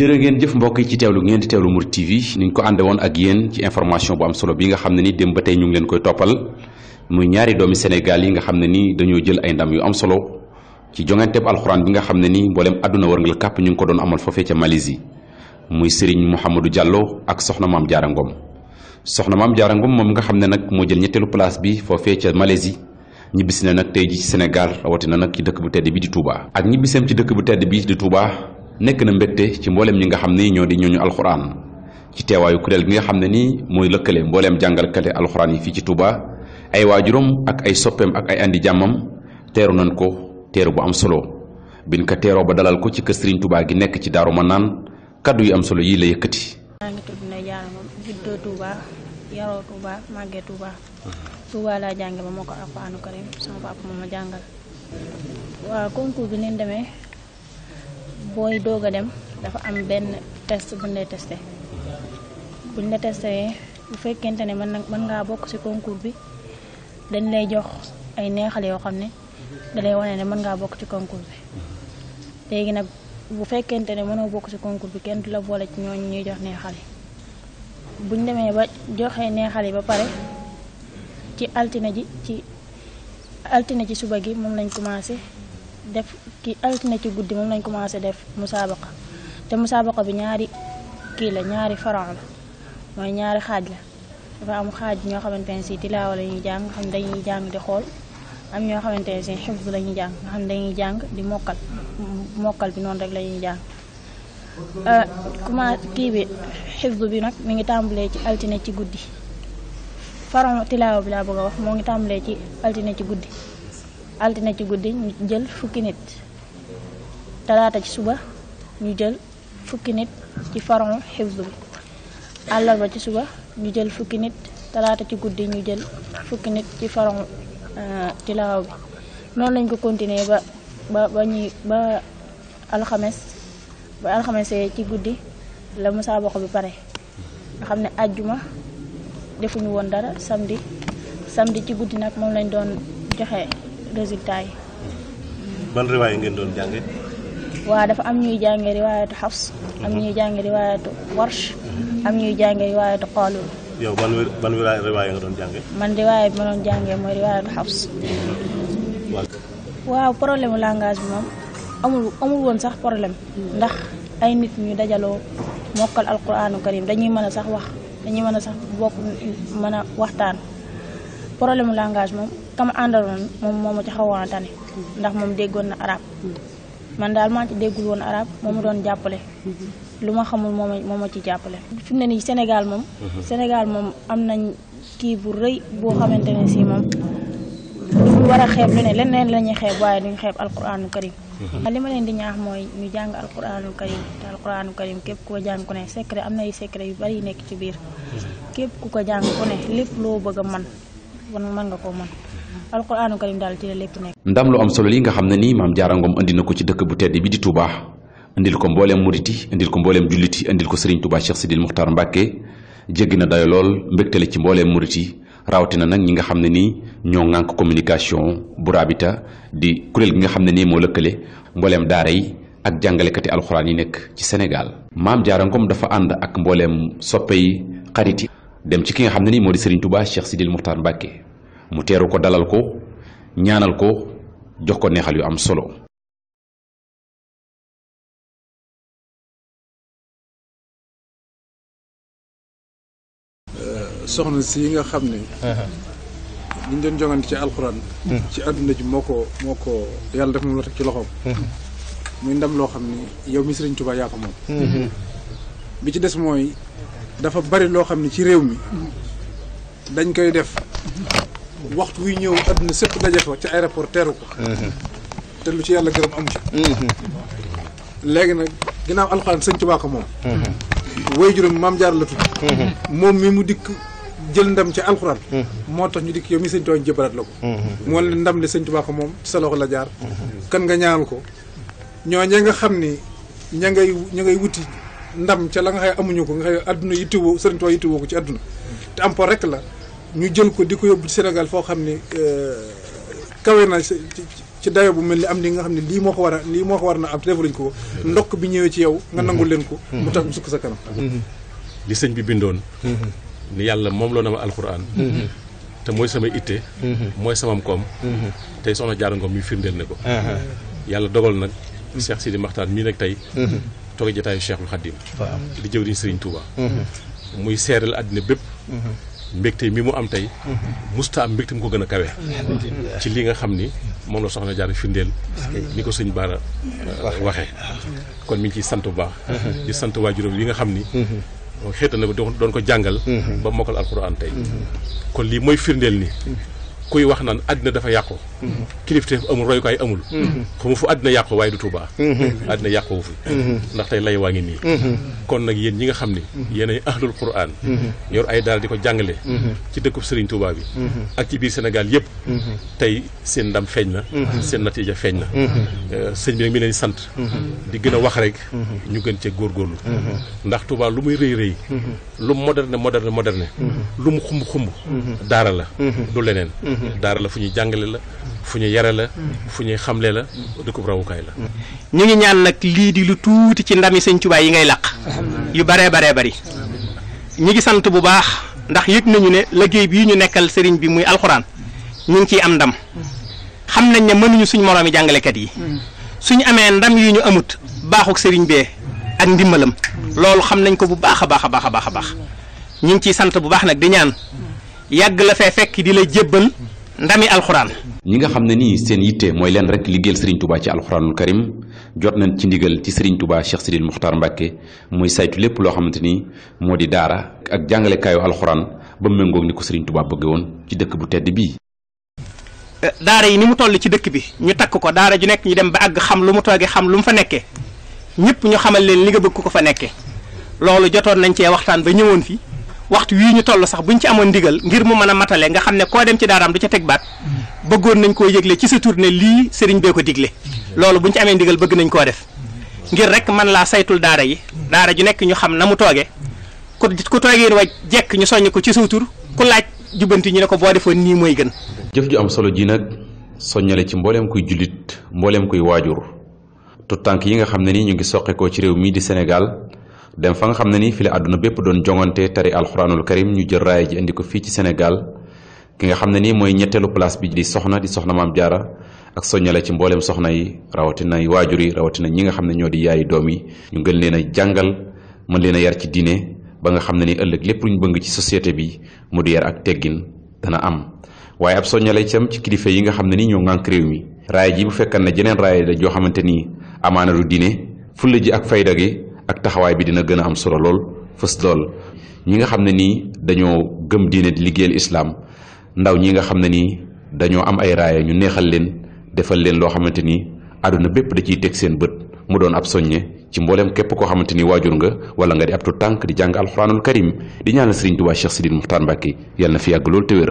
jërë ngeen jëf mbokk yi ci teewlu ngeen di teewlu mur TV ni ko ànde woon ak yéen ci information bu am solo bi nga xam ne ni démb ba tey ñu ngi leen koy toppal muy ñaari doomi Sénégal yi nga xam ne ni dañoo jël ay ndam yu am solo ci jonganteb alxuraan bi nga xam ne ni mboolem àdduna wërngal kàpp ñu ngi ko doon amal foofee ca Malaisie muy Serigne Mouhamadou Diallo ak soxna maam Diarra soxna maam Diarra Ngom moom nga xam ne nag moo jël ñetteelu place bi foofee ca Malaisie ñibbisi na nag tey ji ci Sénégal rawatina nag ci dëkk bu tedd bi di Touba ak ci dëkk bu tedd bi di Touba nekk na mbégte ci mbooleem ñi nga xam ni ñoo di ñooñu alxuraan ci teewaayu kuréel bi nga xam ne nii mooy lëkkale mbooleem jàngalkate alxuraan yi fii ci Touba ay waajuram ak ay soppeem ak ay indi jàmmam teeru nañ ko teeru bu am solo biñ ko teeroo ba dalal ko ci kër Serigne gi nekk ci Daaru Manaan kàddu yu am solo yii la yëkkati. juddoo Touba yaroo Touba màggee Touba Touba laa jànge ba moo ko alxuraanu karim sama papa moom ma jàngal waaw booy doog a dem dafa am benn test buñ lay testé buñ la testé bu fekkente ne mën na mën ngaa bokk ci concours bi dañ lay jox ay neexal yoo xam ne da wane ne mën ngaa bokk ci concours bi léegi nag bu fekkente ne mënoo bokk ci concours bi kenn du la boole ci ñooñu ñuy jox neexal yi buñ demee ba joxee neexal yi ba pare ci altine ji ci altine ci suba gi moom lañ commencé def ki altine ci guddi moom lañ commencé def musaabaqa te musaabaqa bi ñaari kii la ñaari faran mooy ñaari xaaj la dafa am xaaj ñoo xamante ne si tilaawa la ñuy jàng nga xam dañuy jàng di xool am ñoo xamante ne si xifz la ñuy jàng nga xam dañuy jàng di mokkal mokkal bi noonu rek la ñuy jàng commencé euh, kii bi xifz bi nag mi ngi tàmbalee ci altine ci guddi faran tilaawa bi laa bëgg a wax moo ngi tàmbalee ci altine ci guddi altine ci guddi ñu jël fukki nit talata ci suba ñu jël fukki nit ci faron xibdu allah ba ci suba ñu jël fukki nit talata ci guddi ñu jël fukki nit ci faron euh, tilaaw bi lañ ko continuer ba ba ba ñi ba khamis ba khamis ci guddi la musa bokk bi pare nga ne defuñu won dara samedi samedi ci guddi nak mom lañ doon joxé résultat yi. ban riwaay ngeen doon jànge waaw dafa am ñuy jànge riwaayatu xafs. am ñuy jànge riwaayatu warsh. ñuy jànge riwaayatu qaaluun. yow ban ban riwaay nga doon jànge man riwaay bi ma doon jàngee riwaayatu xafs. waaw problème langage moom amul amul woon sax problème. ndax ay nit ñu dajaloo mokkal alquraanu karim dañuy mën a sax wax dañuy mën a sax bokk mën a waxtaan. problème mu langage moom kama àndaloon moom moom ma ci xawoon a tane ndax moom déggoon na arab man daal ma ci déggul woon arab moom ma doon jàppale lu ma xamul moom moo ma ci jàppale fi mu ne nii Sénégal moom mhm. Sénégal moom am nañ kii bu rëy boo xamante ne si moom duñu war a xeeb lu ne leneen la ñuy xeeb waaye duñu xeeb alquranu karim mhm. li ma leen di ñaax mooy ñu jàng alquranu karim te alquranu karim képp ku ko jàng ku ne secret am na ay secret yu bari nekk ci biir mhm. képp ku ko jàng ku ne lépp loo bëgg a man wan mën nga koo mën alquraanu karim daal ci la lépp ndam lu am solo li nga xam ne nii maam jaarangoom Ngom na ko ci dëkk bu tedd bi di Touba indil ko mbooleem muriti indil ko mbooleem julliti indil ko Serigne Touba Cheikh Sidil Muxtaar Mbacke jéggi na dayo lool mbëkkale ci mbooleem muriti rawatina nag ñi nga xam ne nii ñoo ŋànk communication bu rabita di kuréel gi nga xam ne nii moo lëkkale mbooleem daara yi ak jàngalekati alxuraan yi nekk ci senegal maam Diarra dafa ànd ak mbooleem soppe xarit dem ci ki nga xam ne nii moo di Serigne Touba Cheikh Sidil Muxtaar Mbàkke mu teeru ko dalal ko ñaanal ko jox ko neexal yu am solo. soxna si yi nga xam ne. ñu ngi doon ci alxuraan. Hmm. ci àdduna ji moo ko moo ko yàlla def moom la ci loxoom. Hmm. muy ndam loo xam ne yow mi Serigne Touba yaa ko moom. Hmm. bi ci des mooy. dafa bari loo xam ne ci réew mi dañ koy def waxtu wuy ñëw àdduna sëpp daje fa ci aéroport teeru ko uh-huh. te lu ci yàlla gërëm amu ci uh-huh. léegi nag ginnaaw alxuraan sëñ Tuubaa ko moom uh-huh. way juróom mam jaar la tudd moom mi mu dikk jël ndam ci alxuraan moo tax ñu dikk yow mi sëñ Tuubaa jëbalaat la ko moo leen ndam li sëñ Tuubaa ko moom sa loxo la jaar kan nga ñaanal ko ñoo ña nga xam ni ña ngay ña ngay wuti ndam ca la nga xay amuñu ko nga xay adduna yittewoo Sëriñ Tuubaa yittewoo ko ci adduna te am po rek la ñu jël ko di ko yóbbu ci Sénégal foo xam ne euh, kawe na ci dayo bu mel ni am ni nga xam ne lii moo ko war a lii moo ko na am defaluñ ko ndokk bi ñëwee ci yow nga nangul leen ko mu tax mu sukk sa kanam li sëñ bi bindoon yàlla moom loo na ma mooy sama itte mooy samam koom tey soxna ko yàlla dogal nag Cheikh Sidi Maxtaar mii nag tey toog jotaayu Cheikhul Khadim di jëwriñ Serigne Touba mhm. muy seeral àddina bépp mhm. mbégte mi mu am tey mhm. musta am mbégte mu ko gën a kawe ci li nga xam ni moom la soxna jaar firndeel ni ko sëñ Baara euh, waxe kon mi ci sant bu baax di sant waajuram yi nga xam ni xeeta na ko doon ko jàngal ba mokkal alxuraan tey kon lii mooy firndeel ni kuy wax naan àddina dafa yàqu kilifteef amul royukaay amul xamu mm-hmm. fu àddina yàqu waaye du Touba mm-hmm. àddina yàqowu fi mm-hmm. ndax tey lay waa ngi nii kon nag yéen ñi nga xam ne yéen ay ahlul quran yor ay daal di ko jàngale ci dëkkub Serigne Touba bi ak ci biir Sénégal yëpp tey seen ndam feeñ na seen natiija feeñ na euh, sëñ bi nag mi leen sant di gën a wax rek ñu gën cee góorgóorlu ndax Touba lu muy rëy rëy lu moderne moderne moderne lu mu xumb xumb daara la du leneen daara la fu ñuy jàngale la fu ñu yare la fu ñuy xamle la dëkkub rawukaay la ñu ngi ñaan nag lii di lu tuuti ci ndami sëñ Tuubaa yi ngay làq yu baree baree bari ñu ngi sant bu baax ndax yëg nañu ne liggéey bii ñu nekkal sëriñ bi muy alxuraan ñu ngi ciy am ndam xam nañ ne mënuñu suñ moroomi jàngalekat yi suñu amee ndam yu ñu amut baaxuk sëriñ bee ak ndimbalam loolu xam nañ ko bu baax a baax a baax a baax a baax ñu ngi ciy sant bu baax nag di ñaan yàgg la fee fekk di la jébbal ndami alxuraan ñi nga xam ne nii seen yitte mooy leen rek liggéeyal Serigne Touba ci alxuraanul karim jot nañ ci ndigal ci Serigne Touba Cheikh Sidil Muxtaar Mbàkke muy saytu lépp loo xamante ni moo di daara ak jàngalekaayu alxuraan ba mu méngoog ni ko Serigne tubaa bëgge woon ci dëkk bu tedd bii. daara yi ni mu toll ci dëkk bi ñu takk ko daara ju nekk ñu dem ba àgg xam lu mu toogee xam lu mu fa nekkee ñëpp ñu xamal leen li nga bëgg ko fa nekkee loolu jotoon nañ cee waxtaan ba ñëwoon fi waxtu wii ñu toll sax bu ñu ci amoon ndigal ngir mu mën a matale nga xam ne koo dem ci daaraam du ca teg baat bëggoon nañ koo yëgle ci sa tournée lii sëriñ bee ko digle loolu buñ ci amee ndigal bëgg nañ koo def ngir rek man laa saytul daara yi daara ju nekk ñu xam na mu tooge ku ku toogeen wa jekk ñu soññ ko ci sa tur ku laaj jubbanti ñu ne ko boo defoon nii mooy gën jëf ju am solo ji nag soññale ci mbooleem kuy jullit mbooleem kuy waajur tutànk yi nga xam ne ni ñu ngi soqe ci réew mii di Sénégal dem fa nga xam ne ni fi àdduna bépp doon jongante tari alxuraanul karim ñu jël raaya ji indi ko fii ci Sénégal ki nga xam ne nii mooy ñetteelu place bi di soxna di soxna maam jaara ak soññale ci mbooleem soxna yi rawatina waajur yi rawatina ñi nga xam ne ñoo di yaayi doom yi ñu gën leen a jàngal mën leen yar ci diine ba nga xam ne ni ëllëg lépp ñu bëgg ci société bi mu di yar ak teggin dana am waaye ab soññale cam ci kilifa yi nga xam ne ni ñoo ngànk mi raaya ji bu fekkan ne jeneen raaya la joo xamante ni amaana du diine fulla ji ak fayda gi ak taxaway bi dina gëna am solo lol hamnani dol ñi nga xamne ni nii dañoo gëm diine di liggéeyal islam ndaw ñi nga xamne ni am ay raaya ñu neexal leen defal leen lo xamanteni aduna bepp da ciy tek seen bët mu doon ab soññe ci mboolem képp ko xamanteni wajur nga wala nga di ab tu tank di jang alxuraanul karim di ñaanal serigne touba Cheikh Sidine mohtar yalla na fi yag lol te